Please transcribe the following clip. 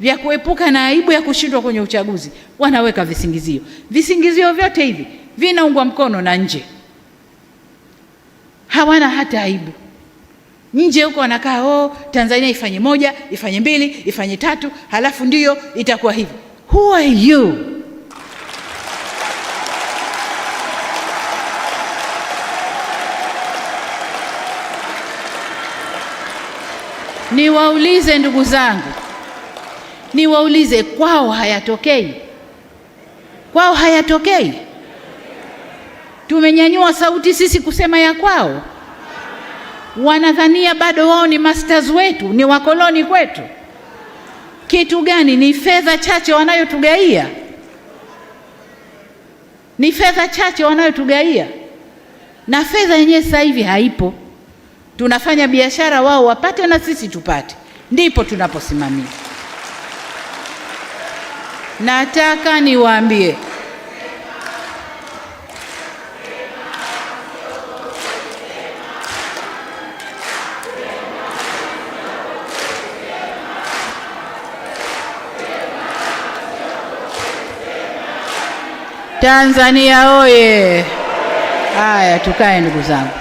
vya kuepuka na aibu ya kushindwa kwenye uchaguzi, wanaweka visingizio. Visingizio vyote hivi vinaungwa mkono na nje, hawana hata aibu. Nje huko wanakaa oh, Tanzania ifanye moja, ifanye mbili, ifanye tatu, halafu ndiyo itakuwa hivi. Who are you? Niwaulize ndugu zangu, niwaulize, kwao hayatokei? Kwao hayatokei? Tumenyanyua sauti sisi kusema ya kwao, wanadhania bado wao ni masters wetu, ni wakoloni kwetu. Kitu gani? Ni fedha chache wanayotugaia, ni fedha chache wanayotugaia, na fedha yenyewe sasa hivi haipo. Tunafanya biashara, wao wapate na sisi tupate, ndipo tunaposimamia. Nataka niwaambie Tanzania oye! Haya, tukae ndugu zangu.